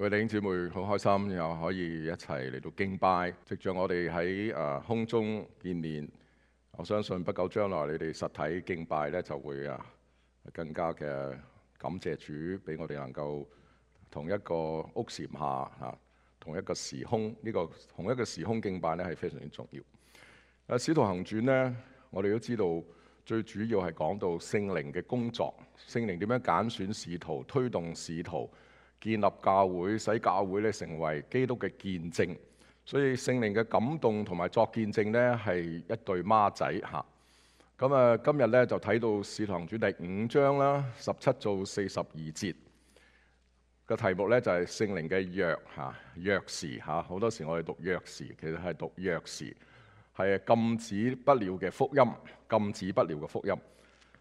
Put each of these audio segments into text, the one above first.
各位弟兄姊妹，好開心又可以一齊嚟到敬拜。即使我哋喺啊空中見面，我相信不久將來你哋實體敬拜咧就會啊更加嘅感謝主，俾我哋能夠同一個屋檐下啊，同一個時空呢、這個同一個時空敬拜咧係非常之重要。啊《使徒行傳》呢，我哋都知道最主要係講到聖靈嘅工作，聖靈點樣揀選使徒，推動使徒。建立教會，使教會咧成為基督嘅見證。所以聖靈嘅感動同埋作見證咧，係一對孖仔吓。咁啊，今日咧就睇到使徒行傳第五章啦，十七到四十二節個題目咧就係聖靈嘅約吓，約時吓。好多時我哋讀約時，其實係讀約時，係禁止不了嘅福音，禁止不了嘅福音。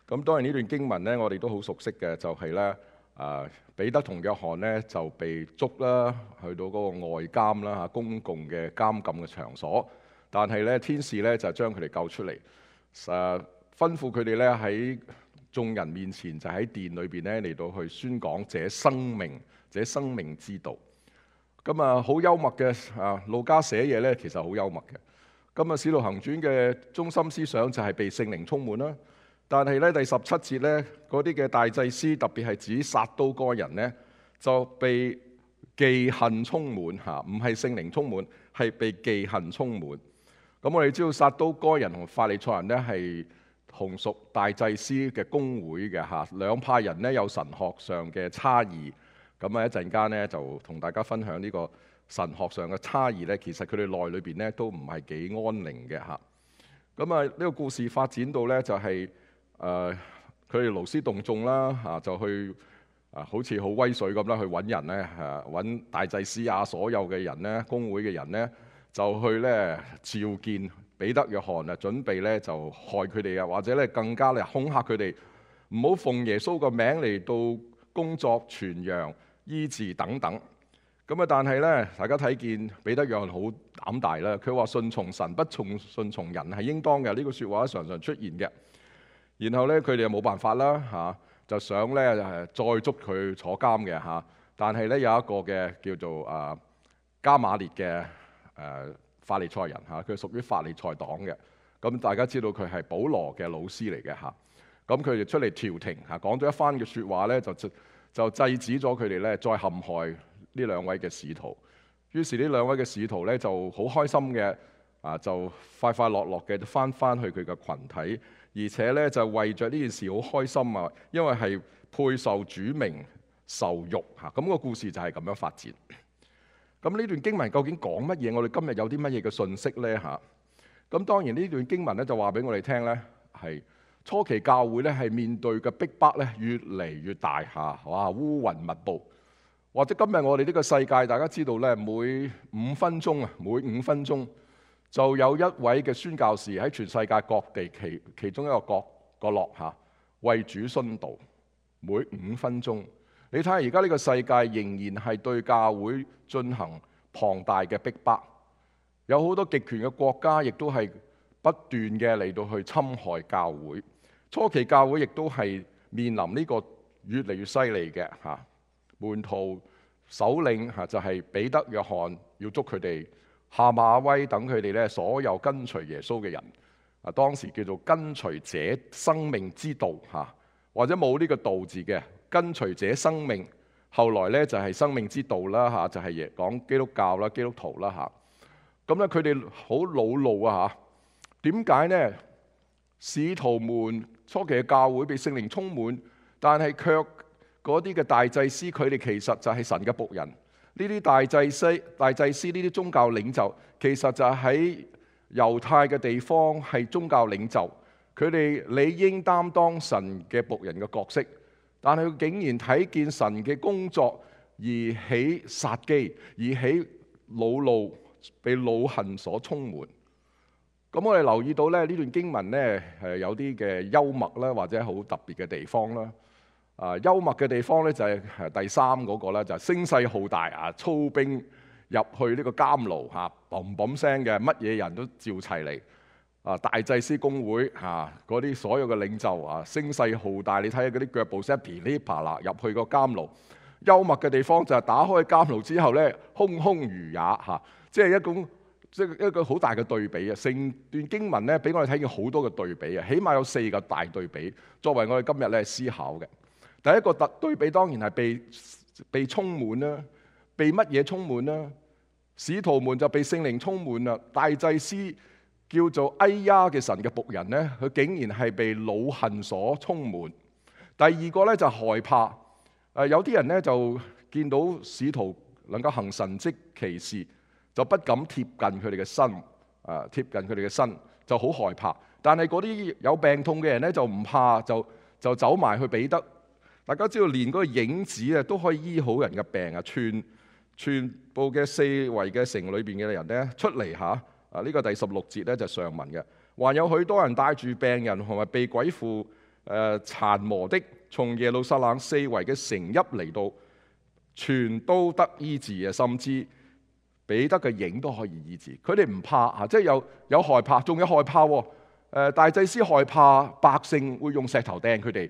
咁當然呢段經文咧，我哋都好熟悉嘅，就係咧。啊，彼得同約翰咧就被捉啦，去到嗰個外監啦嚇、啊，公共嘅監禁嘅場所。但係咧，天使咧就將佢哋救出嚟，誒、啊、吩咐佢哋咧喺眾人面前就喺殿裏邊咧嚟到去宣講這生命、這生命之道。咁啊，好幽默嘅啊，路加寫嘢咧其實好幽默嘅。咁啊，《使徒行傳》嘅中心思想就係被聖靈充滿啦。但係咧，第十七節咧，嗰啲嘅大祭司特別係指撒都該人咧，就被忌恨充滿嚇，唔係聖靈充滿，係被忌恨充滿。咁我哋知道撒都該人同法利賽人咧係同屬大祭司嘅公會嘅嚇，兩派人咧有神學上嘅差異。咁啊，一陣間咧就同大家分享呢個神學上嘅差異咧，其實佢哋內裏邊咧都唔係幾安寧嘅嚇。咁啊，呢個故事發展到咧就係、是。誒佢哋勞師動眾啦，嚇、啊、就去啊，好似好威水咁啦，去揾人咧，嚇，揾大祭司啊，所有嘅人咧，公會嘅人咧，就去咧召見彼得、約翰啊，準備咧就害佢哋啊，或者咧更加咧恐嚇佢哋唔好奉耶穌個名嚟到工作、傳揚、醫治等等。咁啊，但係咧，大家睇見彼得約翰好膽大啦。佢話：順從神不從順從人係應當嘅。呢個説話常常出現嘅。然後咧，佢哋又冇辦法啦嚇、啊，就想咧再捉佢坐監嘅嚇。但係咧有一個嘅叫做啊加馬列嘅誒、啊、法利賽人嚇，佢屬於法利賽黨嘅。咁大家知道佢係保羅嘅老師嚟嘅嚇。咁佢哋出嚟調停嚇，講、啊、咗一番嘅説話咧，就就、就制止咗佢哋咧再陷害呢兩位嘅使徒。於是呢兩位嘅使徒咧就好開心嘅啊，就快快樂樂嘅翻翻去佢嘅群體。而且咧就為著呢件事好開心啊，因為係配受主名受辱嚇，咁、那個故事就係咁樣發展。咁呢段經文究竟講乜嘢？我哋今日有啲乜嘢嘅信息呢？嚇？咁當然呢段經文咧就話俾我哋聽呢，係初期教會咧係面對嘅逼迫咧越嚟越大嚇，哇烏雲密布，或者今日我哋呢個世界大家知道咧每五分鐘啊每五分鐘。就有一位嘅宣教士喺全世界各地其其中一個角落吓，啊、為主殉道。每五分鐘你睇下而家呢個世界仍然係對教會進行龐大嘅逼迫，有好多極權嘅國家亦都係不斷嘅嚟到去侵害教會，初期教會亦都係面臨呢個越嚟越犀利嘅吓，門徒首領吓，啊、就係、是、彼得約翰要捉佢哋，下馬威等佢哋咧，所有跟隨耶穌嘅人啊，當時叫做跟隨者生命之道吓，或者冇呢個道字嘅跟隨者生命，後來咧就係生命之道啦吓，就係耶講基督教啦、基督徒啦吓。咁咧，佢哋好惱怒啊吓。點解呢？使徒們初期嘅教會被聖靈充滿，但係卻嗰啲嘅大祭司佢哋其實就係神嘅僕人。呢啲大祭司、大祭司呢啲宗教領袖，其實就喺猶太嘅地方係宗教領袖，佢哋理應擔當神嘅僕人嘅角色，但係佢竟然睇見神嘅工作而起殺機，而起惱怒被惱恨所充滿。咁我哋留意到咧，呢段經文咧係有啲嘅幽默啦，或者好特別嘅地方啦。啊！幽默嘅地方咧就係第三嗰個咧，就係聲勢浩大啊！操兵入去呢個監牢嚇，嘣嘣聲嘅乜嘢人都照齊嚟啊！大祭司公會嚇，嗰啲所有嘅領袖啊，聲勢浩大。你睇下嗰啲腳步聲噼里啪啦，入去個監牢。幽默嘅地方就係打開監牢之後咧，空空如也嚇，即係一種即係一個好大嘅對比啊！成段經文咧，俾我哋睇見好多嘅對比啊，起碼有四個大對比，作為我哋今日咧思考嘅。第一個特對比當然係被被充滿啦，被乜嘢充滿啦？使徒們就被聖靈充滿啦。大祭司叫做哎呀嘅神嘅僕人咧，佢竟然係被老恨所充滿。第二個咧就是、害怕。誒有啲人咧就見到使徒能夠行神蹟奇事，就不敢貼近佢哋嘅身。誒、啊、貼近佢哋嘅身就好害怕。但係嗰啲有病痛嘅人咧就唔怕，就就走埋去彼得。大家知道，連嗰個影子咧都可以醫好人嘅病啊！全全部嘅四圍嘅城裏邊嘅人咧，出嚟嚇啊！呢個第十六節咧就係上文嘅。還有許多人帶住病人同埋被鬼附誒殘磨的，從耶路撒冷四圍嘅城邑嚟到，全都得醫治嘅，甚至彼得嘅影都可以醫治。佢哋唔怕嚇，即係有有害怕，仲有害怕喎！大祭司害怕百姓會用石頭掟佢哋。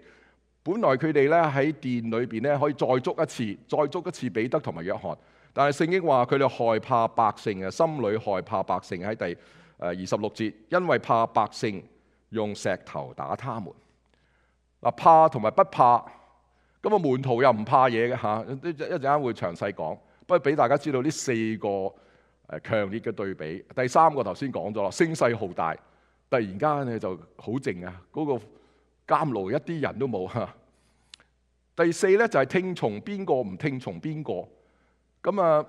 本來佢哋咧喺殿裏邊咧可以再捉一次，再捉一次彼得同埋約翰，但係聖經話佢哋害怕百姓嘅，心裏害怕百姓喺第誒二十六節，因為怕百姓用石頭打他們。嗱，怕同埋不怕，咁啊門徒又唔怕嘢嘅吓，一一陣間會詳細講，不過俾大家知道呢四個誒強烈嘅對比。第三個頭先講咗啦，聲勢浩大，突然間咧就好靜啊，嗰、嗰個監牢一啲人都冇吓。第四咧就係聽從邊個，唔聽從邊個咁啊？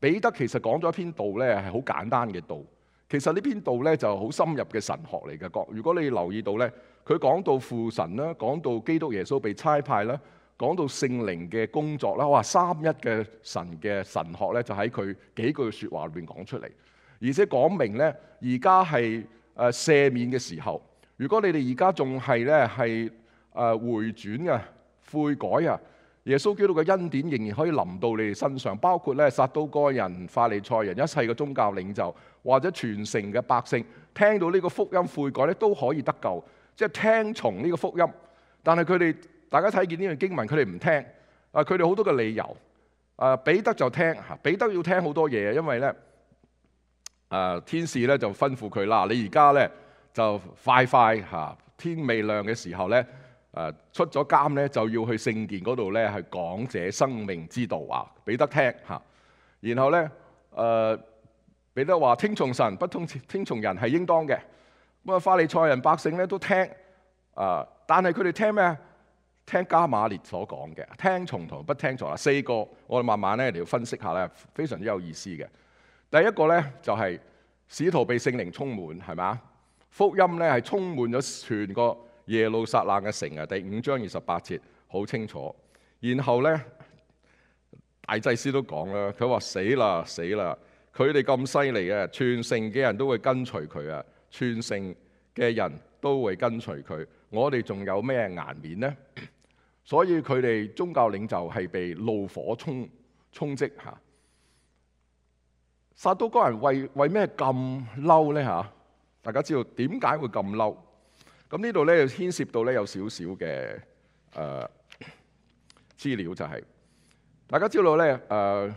彼得其實講咗一篇道咧，係好簡單嘅道。其實呢篇道咧就好深入嘅神學嚟嘅。講，如果你留意到咧，佢講到父神啦，講到基督耶穌被差派啦，講到聖靈嘅工作啦，哇！三一嘅神嘅神學咧，就喺佢幾句説話裏邊講出嚟，而且講明咧，而家係誒赦免嘅時候。如果你哋而家仲係咧係誒回轉嘅。悔改啊！耶穌基督嘅恩典仍然可以臨到你哋身上，包括咧撒都該人、法利賽人、一切嘅宗教領袖或者全城嘅百姓，聽到呢個福音悔改咧都可以得救，即係聽從呢個福音。但係佢哋大家睇見呢段經文，佢哋唔聽啊！佢哋好多嘅理由啊，彼得就聽吓，彼得要聽好多嘢，因為咧啊，天使咧就吩咐佢啦，你而家咧就快快吓、啊，天未亮嘅時候咧。出咗監咧，就要去聖殿嗰度咧，係講者生命之道啊，彼得聽，然後咧，誒、呃、彼得話聽從神，不聽聽從人係應當嘅。咁啊，法利賽人百姓咧都聽、呃、但係佢哋聽咩？聽加馬列所講嘅，聽從同不聽從啊。四個，我哋慢慢咧嚟要分析下咧，非常之有意思嘅。第一個咧就係使徒被聖靈充滿，係咪？福音咧係充滿咗全個。耶路撒冷嘅城啊，第五章二十八節好清楚。然後呢，大祭司都講啦，佢話死啦死啦，佢哋咁犀利啊。全城嘅人都會跟隨佢啊，全城嘅人都會跟隨佢。我哋仲有咩顏面呢？所以佢哋宗教領袖係被怒火沖沖擊嚇。撒都該人為為咩咁嬲呢？嚇？大家知道點解會咁嬲？咁呢度咧就牽涉到咧有少少嘅誒資料、就是，就係大家知道咧誒、呃、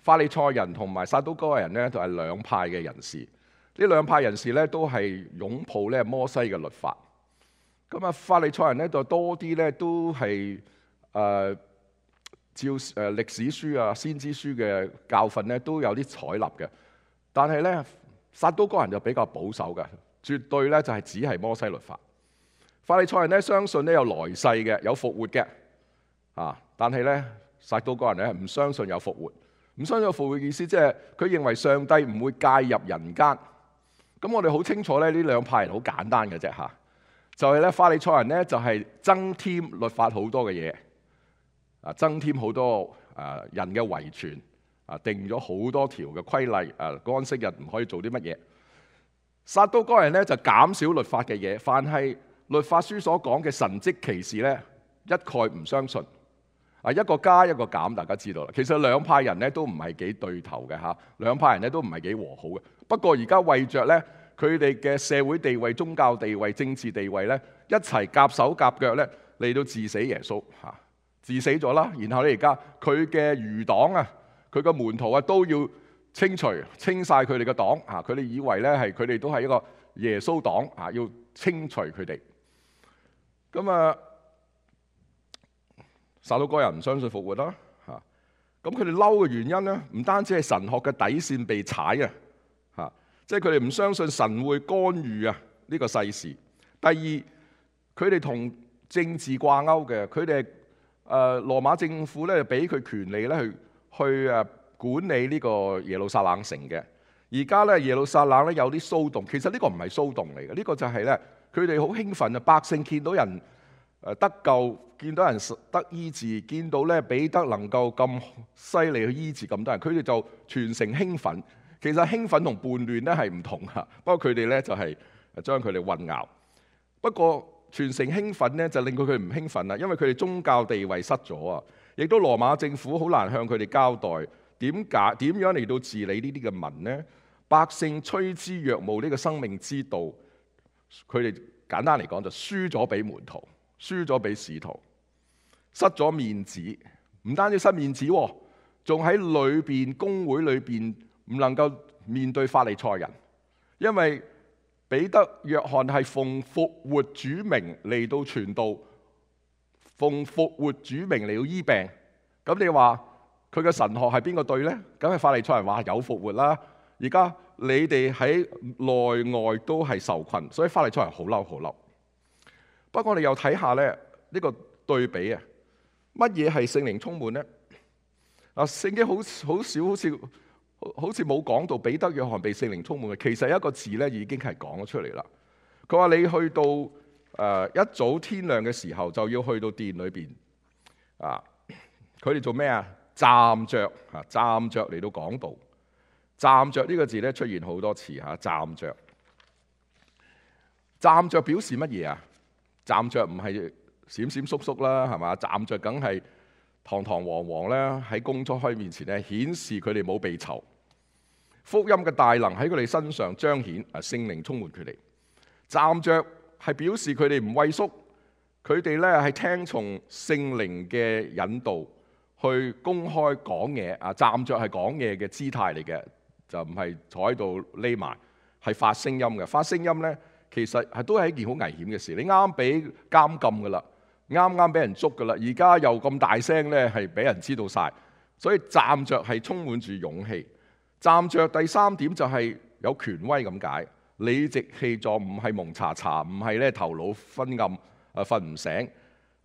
法利賽人同埋撒都哥人咧，就係兩派嘅人士。呢兩派人士咧都係擁抱咧摩西嘅律法。咁、嗯、啊法利賽人咧就多啲咧都係誒、呃、照誒歷、呃、史書啊先知書嘅教訓咧都有啲採納嘅，但係咧撒都哥人就比較保守嘅。絕對咧就係只係摩西律法。法利賽人咧相信咧有來世嘅，有復活嘅。啊，但係咧撒都該人咧唔相信有復活，唔相信有復活嘅意思即係佢認為上帝唔會介入人間。咁我哋好清楚咧，呢兩派人好簡單嘅啫嚇。就係咧法利賽人咧就係增添律法好多嘅嘢，啊增添好多啊人嘅遺傳，啊定咗好多條嘅規例，啊安息日唔可以做啲乜嘢？撒都該人咧就減少律法嘅嘢，凡係律法書所講嘅神蹟奇事咧一概唔相信。啊，一個加一個減，大家知道啦。其實兩派人咧都唔係幾對頭嘅嚇，兩派人咧都唔係幾和好嘅。不過而家為着咧佢哋嘅社會地位、宗教地位、政治地位咧一齊夾手夾腳咧嚟到致死耶穌嚇，致死咗啦。然後你而家佢嘅餘黨啊，佢嘅門徒啊都要。清除清晒佢哋嘅黨啊！佢哋以為咧係佢哋都係一個耶穌黨啊，要清除佢哋。咁啊，撒都該人唔相信復活啦嚇。咁佢哋嬲嘅原因咧，唔單止係神學嘅底線被踩啊嚇，即係佢哋唔相信神會干預啊呢個世事。第二，佢哋同政治掛鈎嘅，佢哋誒羅馬政府咧俾佢權利咧去去誒。管理呢個耶路撒冷城嘅而家咧，耶路撒冷咧有啲騷動。其實呢個唔係騷動嚟嘅，呢個就係咧佢哋好興奮啊！百姓見到人誒得救，見到人得醫治，見到咧彼得能夠咁犀利去醫治咁多人，佢哋就全城興奮。其實興奮同叛亂咧係唔同嚇，不過佢哋咧就係誒將佢哋混淆。不過全城興奮咧就令到佢哋唔興奮啦，因為佢哋宗教地位失咗啊，亦都羅馬政府好難向佢哋交代。點解點樣嚟到治理呢啲嘅民呢？百姓趨之若鶩呢個生命之道，佢哋簡單嚟講就輸咗俾門徒，輸咗俾使徒，失咗面子。唔單止失面子，哦，仲喺裏邊公會裏邊唔能夠面對法利賽人，因為彼得、約翰係奉復活主名嚟到傳道，奉復活主名嚟到醫病。咁你話？佢嘅神學係邊個對呢？梗係法利賽人話有復活啦！而家你哋喺內外都係受困，所以法利賽人好嬲好嬲。不過我哋又睇下咧呢個對比啊，乜嘢係聖靈充滿呢？啊，聖經好好少好似好似冇講到彼得約翰被聖靈充滿嘅，其實一個字呢已經係講咗出嚟啦。佢話你去到誒，一早天亮嘅時候就要去到殿裏邊啊，佢哋做咩啊？站着啊，站着嚟到講道。站着呢個字咧出現好多次吓，站着。站着表示乜嘢啊？站着唔係閃閃縮縮啦，係嘛？站着梗係堂堂皇皇啦，喺工作開面前咧顯示佢哋冇被囚。福音嘅大能喺佢哋身上彰顯，啊，聖靈充滿佢哋。站着係表示佢哋唔畏縮，佢哋咧係聽從聖靈嘅引導。去公開講嘢啊，站着係講嘢嘅姿態嚟嘅，就唔係坐喺度匿埋，係發聲音嘅。發聲音呢，其實係都係一件好危險嘅事。你啱啱俾監禁㗎啦，啱啱俾人捉㗎啦，而家又咁大聲呢，係俾人知道晒。所以站着係充滿住勇氣，站着第三點就係有權威咁解，理直氣壯，茶茶，唔係蒙查查，唔係呢頭腦昏暗瞓唔、呃、醒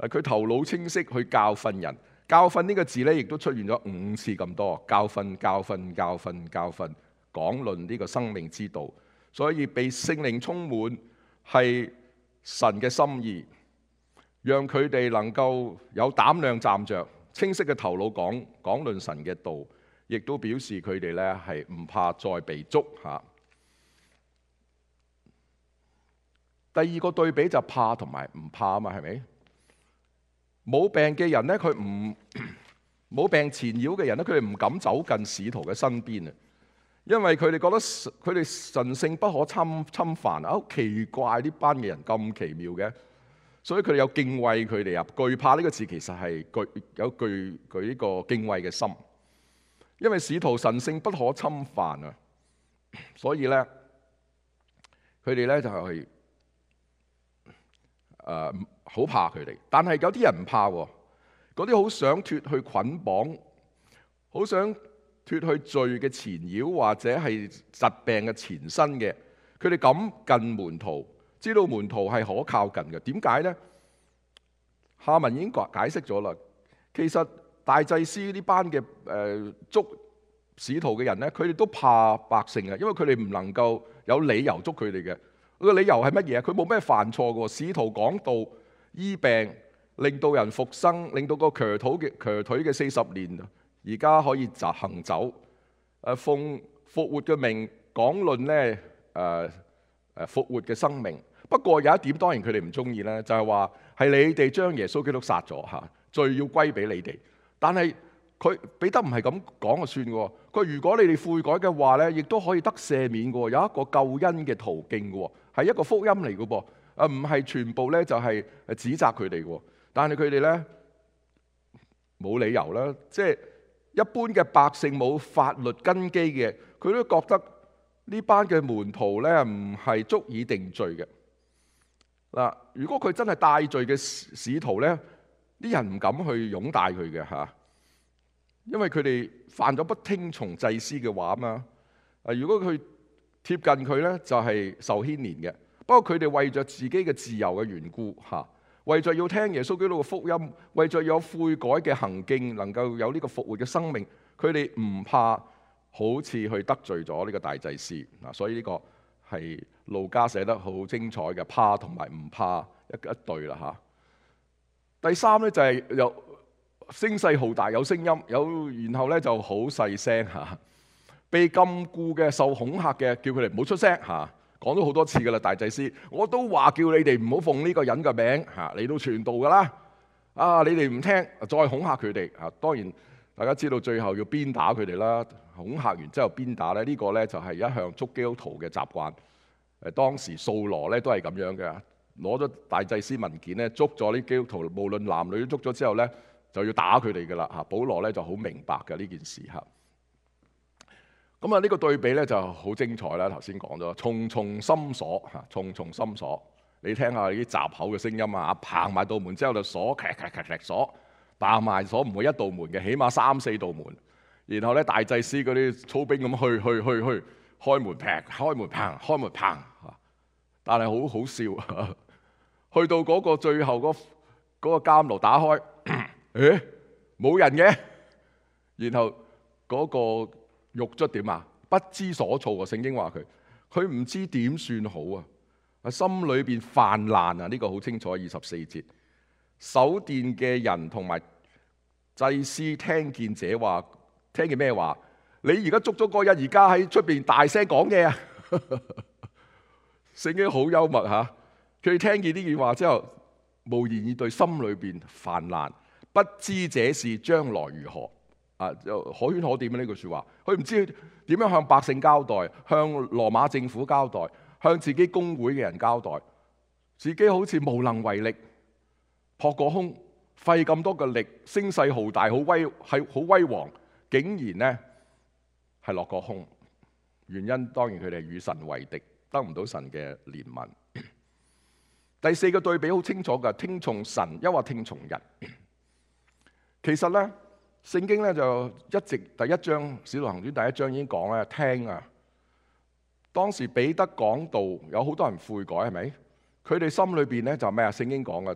佢、啊、頭腦清晰去教訓人。教訓呢個字呢，亦都出現咗五次咁多，教訓、教訓、教訓、教訓，講論呢個生命之道，所以被聖靈充滿，係神嘅心意，讓佢哋能夠有膽量站着，清晰嘅頭腦講講論神嘅道，亦都表示佢哋呢係唔怕再被捉吓、啊。第二個對比就係怕同埋唔怕啊嘛，係咪？冇病嘅人咧，佢唔冇病纏繞嘅人咧，佢哋唔敢走近使徒嘅身邊啊！因為佢哋覺得佢哋神聖不可侵侵犯啊、喔！奇怪呢班嘅人咁奇妙嘅，所以佢哋有敬畏佢哋啊！懼怕呢個字其實係具有具佢呢個敬畏嘅心，因為使徒神聖不可侵犯啊！所以咧，佢哋咧就係、是。誒、呃、好怕佢哋，但係有啲人唔怕喎。嗰啲好想脫去捆綁、好想脫去罪嘅纏繞或者係疾病嘅前身嘅，佢哋敢近門徒，知道門徒係可靠近嘅。點解呢？夏文已經解解釋咗啦。其實大祭司呢班嘅誒捉使徒嘅人呢，佢哋都怕百姓呀，因為佢哋唔能夠有理由捉佢哋嘅。佢個理由係乜嘢？佢冇咩犯錯嘅喎。使徒講道醫病，令到人復生，令到個瘸腿嘅瘸腿嘅四十年，而家可以走行走。奉復活嘅命講論呢，誒誒復活嘅生命。不過有一點，當然佢哋唔中意呢，就係話係你哋將耶穌基督殺咗嚇，罪要歸俾你哋。但係佢彼得唔係咁講就算嘅喎。佢如果你哋悔改嘅話呢，亦都可以得赦免嘅喎，有一個救恩嘅途徑嘅喎。係一個福音嚟嘅噃，啊唔係全部咧就係指責佢哋嘅，但係佢哋咧冇理由啦，即係一般嘅百姓冇法律根基嘅，佢都覺得呢班嘅門徒咧唔係足以定罪嘅嗱。如果佢真係帶罪嘅使徒咧，啲人唔敢去擁戴佢嘅吓，因為佢哋犯咗不聽從祭司嘅話嘛。啊，如果佢接近佢呢，就係受牽連嘅，不過佢哋為着自己嘅自由嘅緣故吓，為着要聽耶穌基督嘅福音，為着有悔改嘅行徑，能夠有呢個復活嘅生命，佢哋唔怕，好似去得罪咗呢個大祭司啊！所以呢個係路加寫得好精彩嘅，怕同埋唔怕一一對啦吓。第三呢，就係有聲勢浩大，有聲音，有然後呢就好細聲吓。被禁錮嘅、受恐嚇嘅，叫佢哋唔好出聲吓。講咗好多次噶啦，大祭司，我都話叫你哋唔好奉呢個人嘅名吓。你都傳道噶啦，啊，你哋唔、啊、聽，再恐嚇佢哋吓。當然大家知道最後要鞭打佢哋啦。恐嚇完之後鞭打咧，這個、呢個咧就係、是、一向捉基督徒嘅習慣。當時掃羅咧都係咁樣嘅，攞咗大祭司文件咧，捉咗啲基督徒，無論男女都捉咗之後咧，就要打佢哋噶啦吓。保羅咧就好明白嘅呢件事吓。啊咁啊！呢個對比咧就好精彩啦。頭先講咗重重深鎖嚇，重重深鎖。你聽下啲閘口嘅聲音啊，砰！埋道門之後就鎖，咔咔咔咔鎖，砰！埋鎖唔會一道門嘅，起碼三四道門。然後咧大祭司嗰啲操兵咁去去去去開門劈，開門砰，開門砰嚇、啊。但係好好笑，去到嗰個最後嗰、那、嗰、個那個監獄打開，誒冇 人嘅。然後嗰、那個。肉足點啊？不知所措啊！聖經話佢，佢唔知點算好啊！心裏邊泛濫啊！呢、這個好清楚，二十四節守殿嘅人同埋祭司聽見者話，聽見咩話？你而家捉咗個人，而家喺出邊大聲講嘢 啊！聖經好幽默吓，佢聽見呢句話之後，無言以對，心裏邊泛濫，不知這事將來如何。啊！就可圈可點呢句説話，佢唔知點樣向百姓交代，向羅馬政府交代，向自己工會嘅人交代，自己好似無能為力，撲個空，費咁多嘅力，聲勢浩大，好威係好威煌，竟然呢係落個空。原因當然佢哋係與神為敵，得唔到神嘅憐憫。第四個對比好清楚嘅，聽從神又或聽從人？其實呢。聖經咧就一直第一章《使徒行傳》第一章已經講咧，聽啊！當時彼得講道，有好多人悔改，係咪？佢哋心裏邊咧就咩啊？聖經講嘅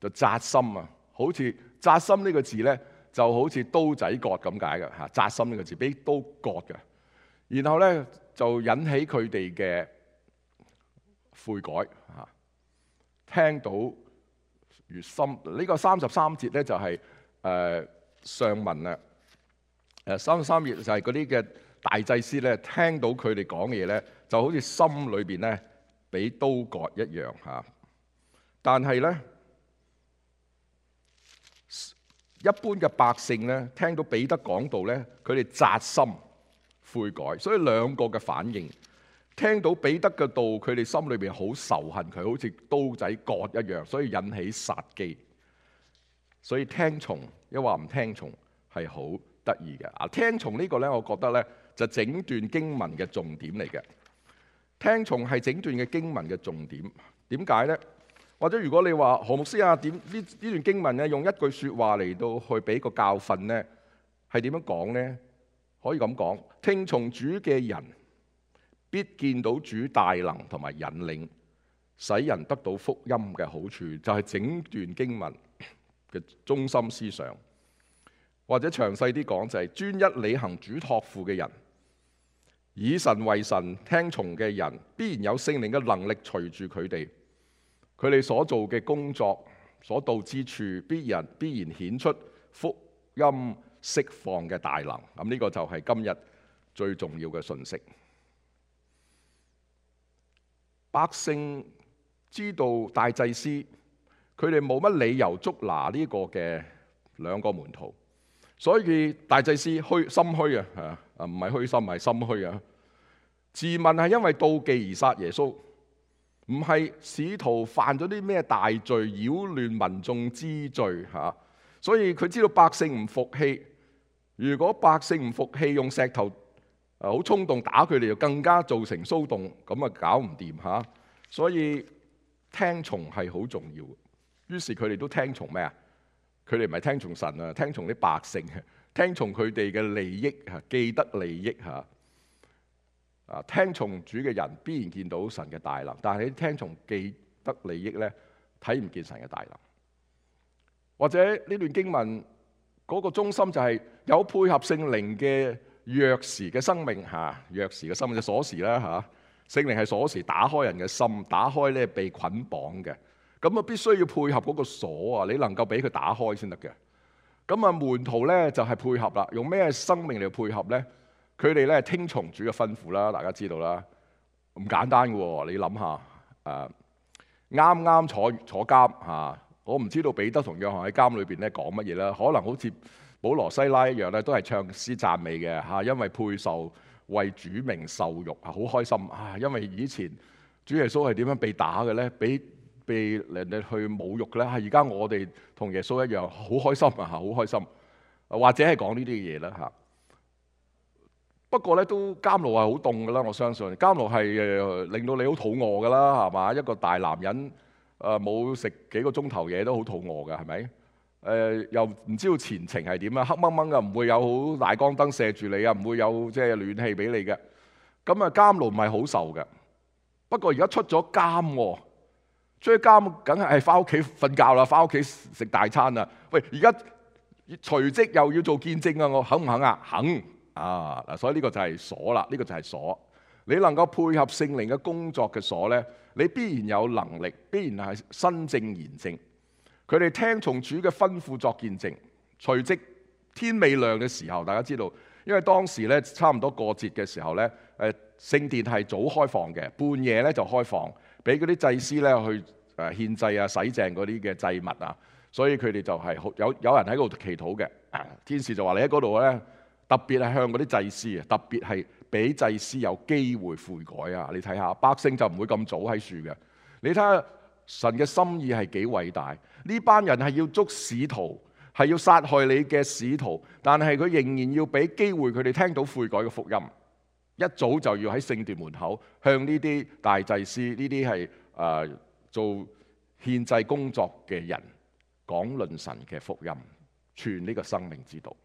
就扎心啊！好似扎心呢個字咧，就好似刀仔割咁解嘅嚇，扎心呢個字畀刀割嘅。然後咧就引起佢哋嘅悔改嚇。聽到越深。呢、這個三十三節咧就係、是、誒。呃上文啦，誒三三頁就係嗰啲嘅大祭司咧，聽到佢哋講嘢咧，就好似心裏邊咧俾刀割一樣嚇。但係咧，一般嘅百姓咧，聽到彼得講道咧，佢哋扎心悔改，所以兩個嘅反應，聽到彼得嘅道，佢哋心裏邊好仇恨佢，好似刀仔割一樣，所以引起殺機。所以聽從又話唔聽從係好得意嘅啊！聽從呢個呢，我覺得呢，就整段經文嘅重點嚟嘅。聽從係整段嘅經文嘅重點，點解呢？或者如果你話何牧師啊，點呢呢段經文呢，用一句説話嚟到去俾個教訓呢，係點樣講呢？可以咁講，聽從主嘅人必見到主大能同埋引領，使人得到福音嘅好處，就係整段經文嘅中心思想，或者詳細啲講就係專一履行主託付嘅人，以神為神聽從嘅人，必然有聖靈嘅能力隨住佢哋，佢哋所做嘅工作，所到之處，必然必然顯出福音釋放嘅大能。咁呢個就係今日最重要嘅信息。百姓知道大祭司。佢哋冇乜理由捉拿呢個嘅兩個門徒，所以大祭司虛心虛啊，吓啊唔係虛心，係心虛啊。自問係因為妒忌而殺耶穌，唔係使徒犯咗啲咩大罪擾亂民眾之罪吓。所以佢知道百姓唔服氣，如果百姓唔服氣，用石頭好衝動打佢哋，就更加造成騷動，咁啊搞唔掂吓。所以聽從係好重要。於是佢哋都聽從咩啊？佢哋唔係聽從神啊，聽從啲百姓，聽從佢哋嘅利益嚇，既得利益嚇。啊，聽從主嘅人必然見到神嘅大能，但係你聽從既得利益咧，睇唔見神嘅大能。或者呢段經文嗰個中心就係有配合聖靈嘅弱時嘅生命嚇，弱時嘅生命嘅鎖匙啦嚇，聖靈係鎖匙，啊打開人嘅心，打開咧被捆綁嘅。咁啊，必須要配合嗰個鎖啊，你能夠俾佢打開先得嘅。咁啊，門徒咧就係、是、配合啦，用咩生命嚟配合呢？佢哋咧聽從主嘅吩咐啦，大家知道啦，唔簡單嘅喎。你諗下，誒啱啱坐坐監嚇、啊，我唔知道彼得同約翰喺監裏邊咧講乜嘢啦，可能好似保羅西拉一樣咧，都係唱詩讚美嘅嚇、啊，因為配受為主名受辱啊，好開心啊，因為以前主耶穌係點樣被打嘅呢？俾。被人哋去侮辱咧，而家我哋同耶穌一樣，好開心啊！嚇，好開心，或者係講呢啲嘢啦嚇。不過咧，都監牢係好凍噶啦，我相信監牢係誒令到你好肚餓噶啦，係嘛？一個大男人誒冇食幾個鐘頭嘢都好肚餓噶，係咪？誒、呃、又唔知道前程係點啊。黑掹掹嘅，唔會有好大光燈射住你啊，唔會有即係暖氣俾你嘅。咁啊，監牢唔係好受嘅，不過而家出咗監出監梗係係翻屋企瞓覺啦，翻屋企食大餐啦。喂，而家隨即又要做見證啊！我肯唔肯啊？肯啊！嗱，所以呢個就係鎖啦，呢、呢個就係鎖。你能夠配合聖靈嘅工作嘅鎖呢，你必然有能力，必然係身正言正。佢哋聽從主嘅吩咐作見證。隨即天未亮嘅時候，大家知道，因為當時呢，差唔多過節嘅時候呢，誒聖殿係早開放嘅，半夜呢就開放。俾嗰啲祭司咧去誒獻祭啊、洗淨嗰啲嘅祭物啊，所以佢哋就係好有有人喺度祈禱嘅。天使就話：你喺嗰度咧，特別係向嗰啲祭司啊，特別係俾祭司有機會悔改啊！你睇下，百姓就唔會咁早喺樹嘅。你睇下神嘅心意係幾偉大？呢班人係要捉使徒，係要殺害你嘅使徒，但係佢仍然要俾機會佢哋聽到悔改嘅福音。一早就要喺聖殿門口向呢啲大祭司、呢啲係誒做獻祭工作嘅人講論神嘅福音，傳呢個生命之道。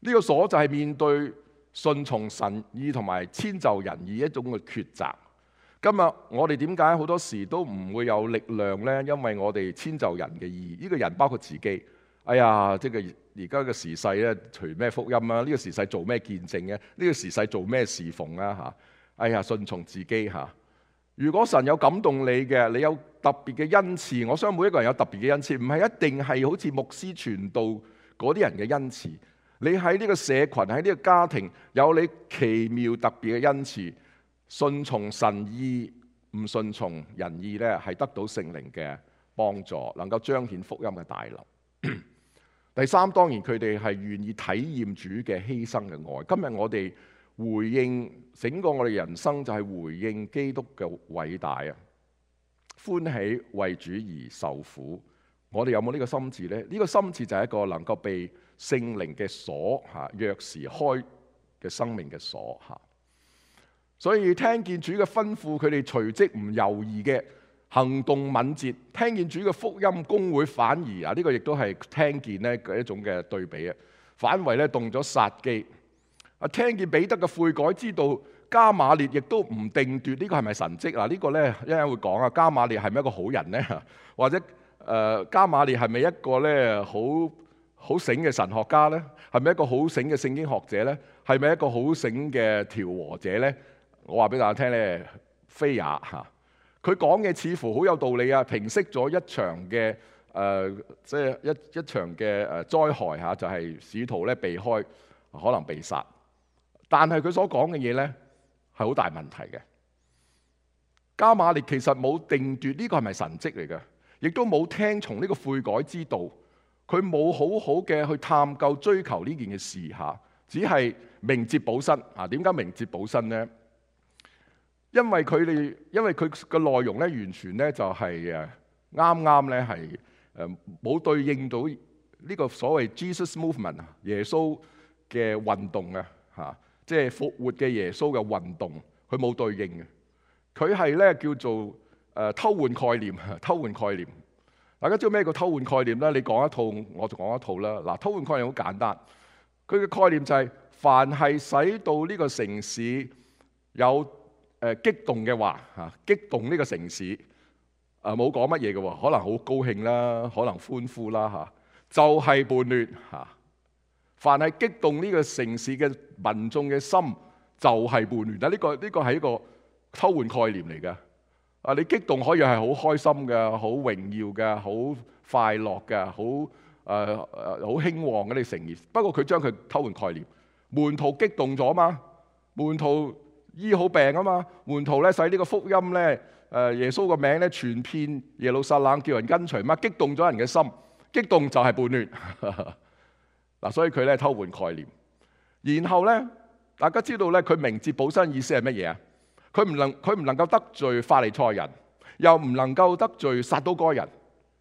呢個所就係面對順從神意同埋遷就人意一種嘅抉擇。今日我哋點解好多時都唔會有力量呢？因為我哋遷就人嘅意義，呢個人包括自己。哎呀，即係而家嘅時勢咧，隨咩福音啊？呢、這個時勢做咩見證咧、啊？呢、這個時勢做咩侍奉啊？嚇！哎呀，順從自己嚇、啊。如果神有感動你嘅，你有特別嘅恩賜，我相信每一個人有特別嘅恩賜，唔係一定係好似牧師傳道嗰啲人嘅恩賜。你喺呢個社群、喺呢個家庭有你奇妙特別嘅恩賜，順從神意，唔順從人意咧，係得到聖靈嘅幫助，能夠彰顯福音嘅大能。 第三，當然佢哋係願意體驗主嘅犧牲嘅愛。今日我哋回應整個我哋人生就係回應基督嘅偉大啊！歡喜為主而受苦，我哋有冇呢個心志呢？呢、呢個心志就係一個能夠被聖靈嘅鎖嚇，約時開嘅生命嘅鎖嚇。所以聽見主嘅吩咐，佢哋隨即唔猶豫嘅。行動敏捷，聽見主嘅福音工，公會反而啊，呢、這個亦都係聽見呢嘅一種嘅對比啊。反為咧動咗殺機啊，聽見彼得嘅悔改，知道加馬列亦都唔定奪呢、這個係咪神蹟嗱？呢、這個呢，一陣會講啊，加馬列係咪一個好人咧？或者誒、呃，加馬列係咪一個咧好好醒嘅神學家呢？係咪一個好醒嘅聖經學者呢？係咪一個好醒嘅調和者呢？我話俾大家聽呢非也嚇。佢講嘅似乎好有道理啊，平息咗一場嘅誒、呃，即係一一場嘅誒災害嚇，就係、是、試圖咧避開可能被殺。但係佢所講嘅嘢咧係好大問題嘅。迦瑪列其實冇定奪呢、這個係咪神蹟嚟嘅，亦都冇聽從呢個悔改之道。佢冇好好嘅去探究追求呢件嘅事嚇，只係明哲保身嚇。點解明哲保身咧？因為佢哋，因為佢個內容咧，完全咧就係誒啱啱咧係誒冇對應到呢個所謂 Jesus Movement 啊，耶穌嘅運動啊，嚇，即係復活嘅耶穌嘅運動，佢冇對應嘅。佢係咧叫做誒偷換概念，偷換概念。大家知道咩叫偷換概念咧？你講一套，我就講一套啦。嗱，偷換概念好簡單，佢嘅概念就係凡係使到呢個城市有，誒激動嘅話嚇，激動呢個城市啊，冇講乜嘢嘅喎，可能好高興啦，可能歡呼啦嚇，就係叛亂嚇。凡係激動呢個城市嘅民眾嘅心，就係叛亂啦。呢個呢個係一個偷換概念嚟嘅。啊，你激動可以係好開心嘅、好榮耀嘅、好快樂嘅、好誒好興旺嘅呢個成語。不過佢將佢偷換概念，門徒激動咗嘛，門徒。醫好病啊嘛，門徒咧，使呢個福音咧，誒耶穌個名咧，傳遍耶路撒冷，叫人跟隨乜激動咗人嘅心，激動就係叛亂嗱， 所以佢咧偷換概念，然後咧，大家知道咧，佢明哲保身意思係乜嘢啊？佢唔能佢唔能夠得罪法利賽人，又唔能夠得罪撒都該人，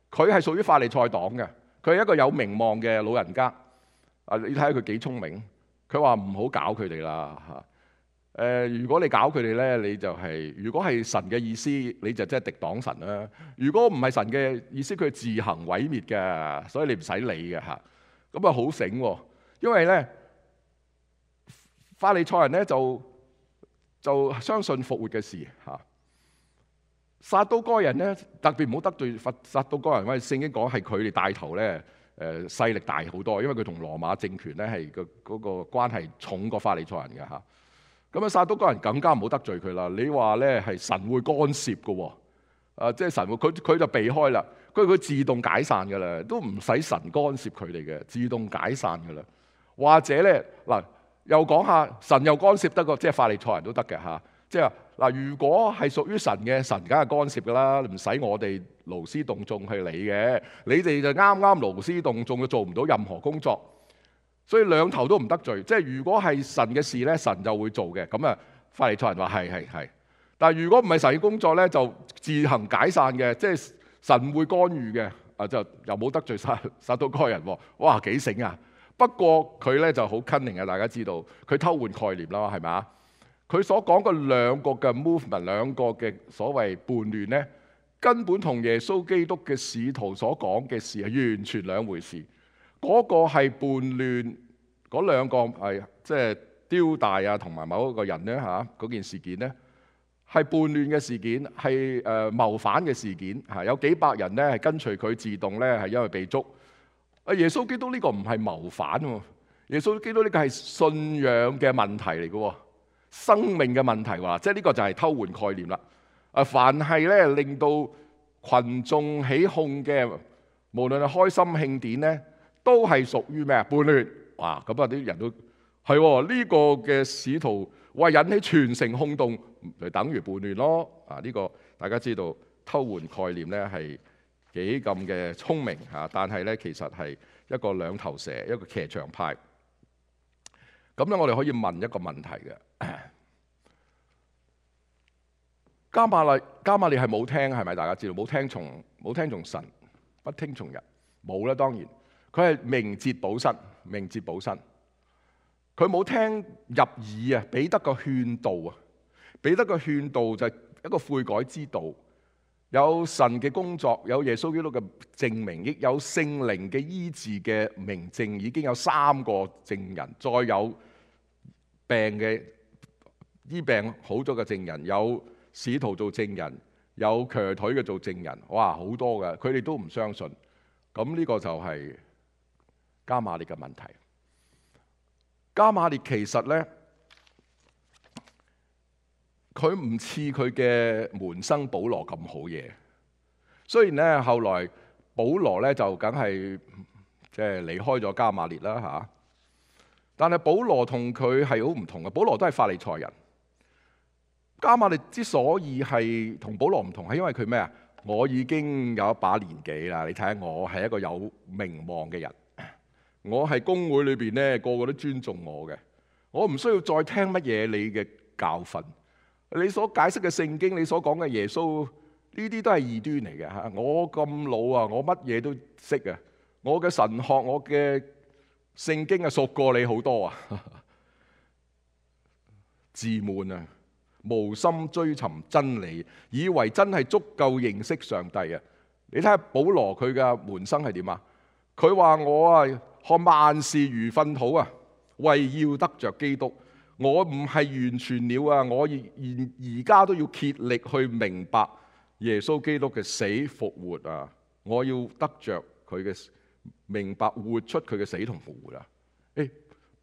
佢係屬於法利賽黨嘅，佢係一個有名望嘅老人家啊！你睇下佢幾聰明，佢話唔好搞佢哋啦嚇。誒、呃，如果你搞佢哋咧，你就係、是、如果係神嘅意思，你就即係敵擋神啦。如果唔係神嘅意思，佢自行毀滅嘅，所以你唔使理嘅嚇。咁啊好醒喎，因為咧，法利賽人咧就就相信復活嘅事嚇。撒都該人咧特別唔好得罪佛，撒都該人喂聖經講係佢哋帶頭咧，誒、呃、勢力大好多，因為佢同羅馬政權咧係個嗰個關係重過法利賽人嘅嚇。啊咁啊！殺到個人更加唔好得罪佢啦。你話咧係神會干涉嘅喎、啊，啊，即係神會佢佢就避開啦。佢佢自動解散嘅啦，都唔使神干涉佢哋嘅，自動解散嘅啦。或者咧嗱、啊，又講下神又干涉得個，即係法利賽人都得嘅吓，即係嗱、啊，如果係屬於神嘅，神梗係干涉嘅啦，唔使我哋勞師動眾去理嘅。你哋就啱啱勞師動眾就做唔到任何工作。所以兩頭都唔得罪，即係如果係神嘅事咧，神就會做嘅。咁啊，法利賽人話係係係，但係如果唔係神嘅工作呢，就自行解散嘅。即係神會干預嘅，啊就又冇得罪殺殺到嗰個人喎。哇幾醒啊！不過佢呢就好 cunning 嘅，大家知道佢偷換概念啦嘛，係咪？佢所講嘅兩個嘅 movement，兩個嘅所謂叛亂呢，根本同耶穌基督嘅使徒所講嘅事係完全兩回事。嗰、那個係叛亂，嗰兩個係即係丟大啊，同埋某一個人咧嚇，嗰、啊、件事件咧係叛亂嘅事件，係誒謀反嘅事件嚇、啊，有幾百人咧係跟隨佢自動咧係因為被捉。阿、啊、耶穌基督呢個唔係謀反喎、啊，耶穌基督呢個係信仰嘅問題嚟嘅、啊，生命嘅問題喎、啊，即係呢個就係偷換概念啦。啊，凡係咧令到群眾起哄嘅，無論係開心慶典咧，都係屬於咩啊叛亂哇！咁啊啲人都係呢、哦這個嘅使徒喂，引起全城轟動，咪等於叛亂咯啊！呢、這個大家知道偷換概念呢係幾咁嘅聰明嚇、啊，但係呢其實係一個兩頭蛇，一個騎牆派。咁咧，我哋可以問一個問題嘅、啊、加瑪利加瑪利係冇聽係咪？大家知道冇聽從冇聽從神，不聽從人冇啦。當然。佢係明哲保身，明哲保身。佢冇聽入耳啊，彼得嘅勸導啊，彼得嘅勸導就係一個悔改之道。有神嘅工作，有耶穌基督嘅證明，亦有聖靈嘅醫治嘅明證。已經有三個證人，再有病嘅醫病好咗嘅證人，有使徒做證人，有瘸腿嘅做證人。哇，好多嘅，佢哋都唔相信。咁呢個就係。加馬列嘅問題，加馬列其實呢，佢唔似佢嘅門生保羅咁好嘢。雖然呢後來保羅呢就梗係即係離開咗加馬列啦吓，但係保羅同佢係好唔同嘅。保羅都係法利賽人。加馬列之所以係同保羅唔同，係因為佢咩啊？我已經有一把年紀啦，你睇下我係一個有名望嘅人。我係工會裏邊呢，個個都尊重我嘅。我唔需要再聽乜嘢你嘅教訓，你所解釋嘅聖經，你所講嘅耶穌，呢啲都係異端嚟嘅吓。我咁老啊，我乜嘢都識啊。我嘅神學，我嘅聖經啊，熟過你好多啊。 自滿啊，無心追尋真理，以為真係足夠認識上帝啊。你睇下保羅佢嘅門生係點啊？佢話我啊。看萬事如糞土啊，為要得着基督。我唔係完全了啊！我而而而家都要竭力去明白耶穌基督嘅死復活啊！我要得着佢嘅明白，活出佢嘅死同復活啊！誒，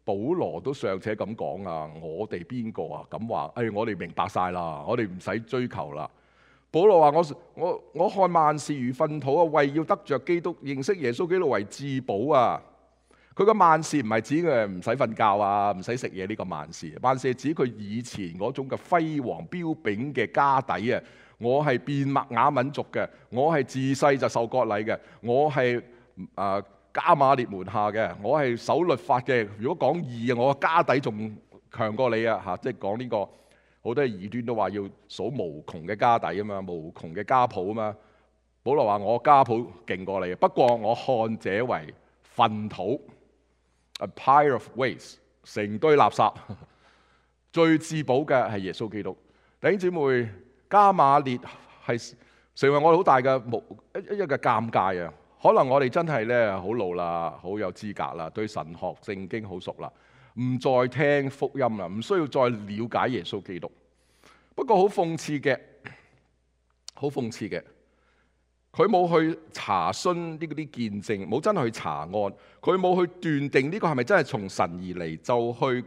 保羅都尚且咁講啊，我哋邊個啊咁話？誒、哎，我哋明白晒啦，我哋唔使追求啦。保羅話：我我我看萬事如糞土啊，為要得着基督，認識耶穌基督為至寶啊！佢個萬事唔係指佢唔使瞓覺啊，唔使食嘢呢個萬事。萬事係指佢以前嗰種嘅輝煌彪炳嘅家底啊！我係便雅憫族嘅，我係自細就受割禮嘅，我係啊、呃、迦瑪列門下嘅，我係守律法嘅。如果講義啊，我嘅家底仲強過你啊！嚇，即係講呢個好多係異端都話要數無窮嘅家底啊嘛，無窮嘅家譜啊嘛。保羅話我家譜勁過你，啊。是這個、的的的不過我看者為糞土。A pile of waste，成堆垃圾。 最自保嘅係耶穌基督。弟兄姊妹，加馬列係成為我哋好大嘅無一個尷尬啊！可能我哋真係咧好老啦，好有資格啦，對神學、聖經好熟啦，唔再聽福音啦，唔需要再了解耶穌基督。不過好諷刺嘅，好諷刺嘅。佢冇去查詢呢啲見證，冇真係去查案，佢冇去斷定呢個係咪真係從神而嚟，就去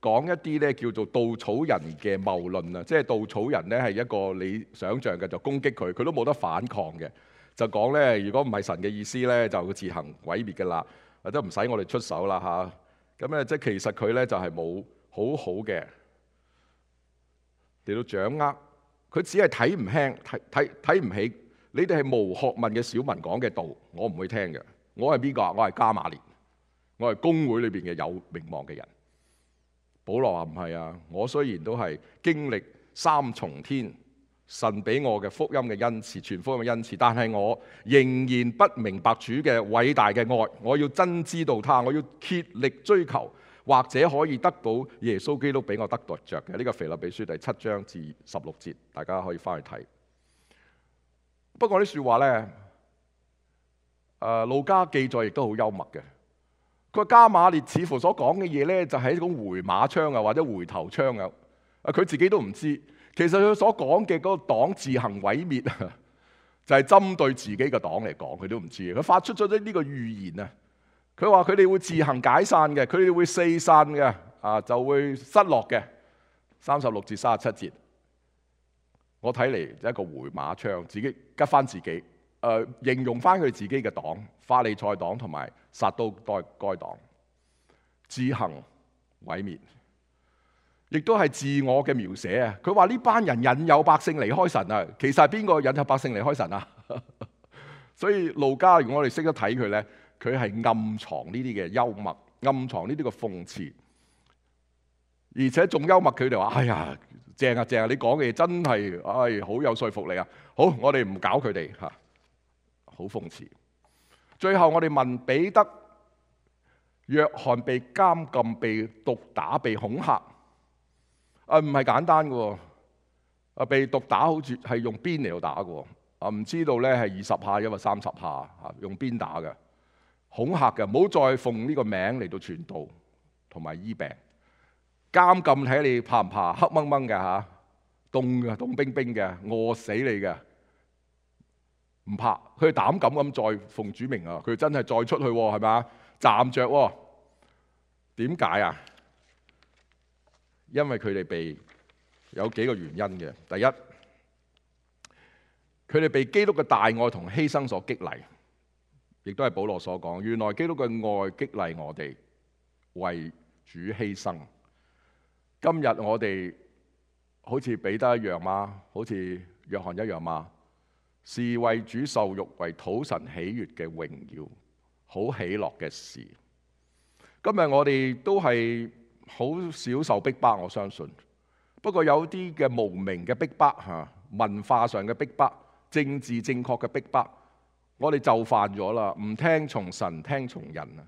講一啲咧叫做稻草人嘅謬論啊！即係稻草人咧係一個你想象嘅，就攻擊佢，佢都冇得反抗嘅。就講咧，如果唔係神嘅意思咧，就自行毀滅嘅啦，或者唔使我哋出手啦吓，咁咧即係其實佢咧就係冇好好嘅嚟到掌握，佢只係睇唔清，睇睇睇唔起。你哋係無學問嘅小民講嘅道，我唔會聽嘅。我係邊個啊？我係加馬列，我係公會裏邊嘅有名望嘅人。保羅話唔係啊，我雖然都係經歷三重天，神俾我嘅福音嘅恩賜，全福音嘅恩賜，但係我仍然不明白主嘅偉大嘅愛。我要真知道他，我要竭力追求，或者可以得到耶穌基督俾我得到着嘅。呢、這個腓立比書第七章至十六節，大家可以翻去睇。不過啲説話咧，誒《路加》記載亦都好幽默嘅。個加馬列似乎所講嘅嘢咧，就係一種回馬槍啊，或者回頭槍啊。啊，佢自己都唔知。其實佢所講嘅嗰個黨自行毀滅啊，就係針對自己嘅黨嚟講，佢都唔知，佢發出咗呢呢個預言啊。佢話佢哋會自行解散嘅，佢哋會四散嘅，啊就會失落嘅。三十六至三十七節。我睇嚟就一個回馬槍，自己吉翻自己。呃、形容翻佢自己嘅黨——法利賽黨同埋撒都該該黨，自行毀滅。亦都係自我嘅描寫啊！佢話呢班人引誘百姓離開神啊，其實係邊個引誘百姓離開神啊？ 所以路加如果我哋識得睇佢呢，佢係暗藏呢啲嘅幽默，暗藏呢啲嘅諷刺，而且仲幽默，佢哋話：哎呀！正啊，正啊！你講嘅嘢真係，唉、哎，好有說服力啊！好，我哋唔搞佢哋嚇，好諷刺。最後我哋問彼得、約翰被監禁、被毒打、被恐嚇，啊，唔係簡單㗎喎，啊，被毒打好似係用鞭嚟到打㗎喎，啊，唔知道咧係二十下抑或三十下啊，用鞭打嘅，恐嚇嘅，唔好再奉呢個名嚟到傳道同埋醫病。監禁睇你怕唔怕？黑掹掹嘅嚇，凍嘅凍冰冰嘅，餓死你嘅唔怕，佢哋膽敢咁再奉主名啊！佢真係再出去喎，係咪啊？站着點解啊？因為佢哋被有幾個原因嘅。第一，佢哋被基督嘅大愛同犧牲所激勵，亦都係保羅所講：原來基督嘅愛激勵我哋為主犧牲。今日我哋好似彼得一樣嘛，好似約翰一樣嘛，是為主受辱、為土神喜悅嘅榮耀，好喜樂嘅事。今日我哋都係好少受逼迫，我相信。不過有啲嘅無名嘅逼迫、文化上嘅逼迫、政治正確嘅逼迫，我哋就犯咗啦，唔聽從神，聽從人啊！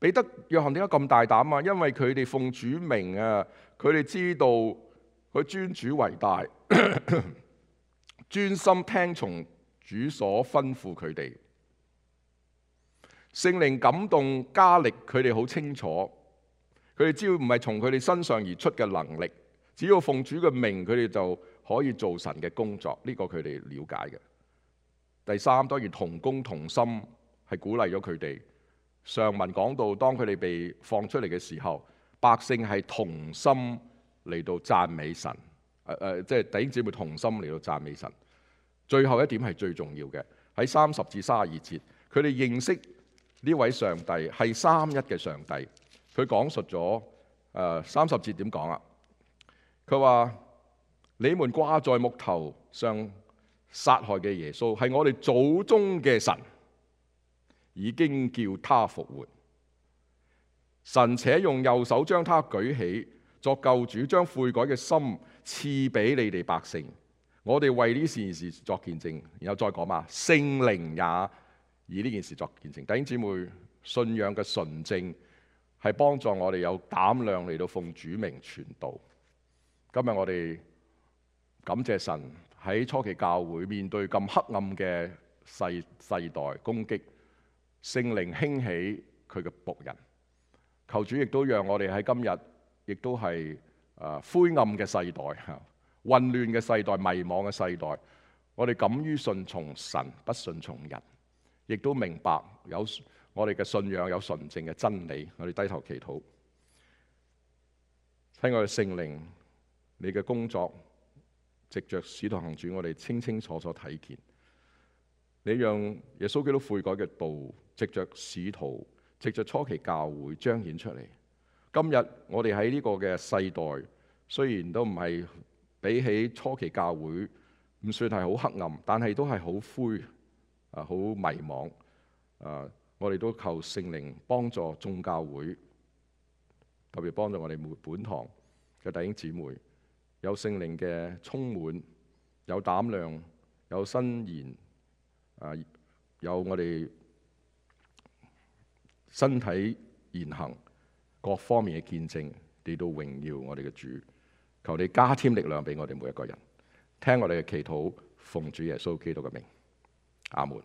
彼得、約翰點解咁大膽啊？因為佢哋奉主命啊，佢哋知道佢尊主為大， 專心聽從主所吩咐佢哋。聖靈感動加力，佢哋好清楚，佢哋只要唔係從佢哋身上而出嘅能力，只要奉主嘅命，佢哋就可以做神嘅工作。呢、這個佢哋了解嘅。第三，當然同工同心係鼓勵咗佢哋。上文講到，當佢哋被放出嚟嘅時候，百姓係同心嚟到讚美神，誒、呃、誒，即係弟兄姊妹同心嚟到讚美神。最後一點係最重要嘅，喺三十至三十二節，佢哋認識呢位上帝係三一嘅上帝。佢講述咗誒三十節點講啊，佢、呃、話你們掛在木頭上殺害嘅耶穌係我哋祖宗嘅神。已經叫他復活，神且用右手將他舉起，作救主，將悔改嘅心賜俾你哋百姓。我哋為呢件事作見證，然後再講嘛。聖靈也以呢件事作見證。弟兄姊妹，信仰嘅純正係幫助我哋有膽量嚟到奉主名傳道。今日我哋感謝神喺初期教會面對咁黑暗嘅世世代攻擊。聖靈興起佢嘅僕人，求主亦都讓我哋喺今日，亦都係誒灰暗嘅世代吓，混亂嘅世代，迷惘嘅世代。我哋敢於順從神，不順從人，亦都明白有我哋嘅信仰，有純正嘅真理。我哋低頭祈禱，聽我嘅聖靈，你嘅工作藉着使徒行傳，我哋清清楚楚睇見你讓耶穌基督悔改嘅道，藉着使徒，藉着初期教會彰顯出嚟。今日我哋喺呢個嘅世代，雖然都唔係比起初期教會唔算係好黑暗，但係都係好灰啊，好迷茫啊。我哋都求聖靈幫助眾教會，特別幫助我哋本堂嘅弟兄姊妹，有聖靈嘅充滿，有膽量，有新言啊，有我哋，身體言行各方面嘅見證，你都榮耀我哋嘅主，求你加添力量俾我哋每一個人，聽我哋嘅祈禱，奉主耶穌基督嘅名，阿門。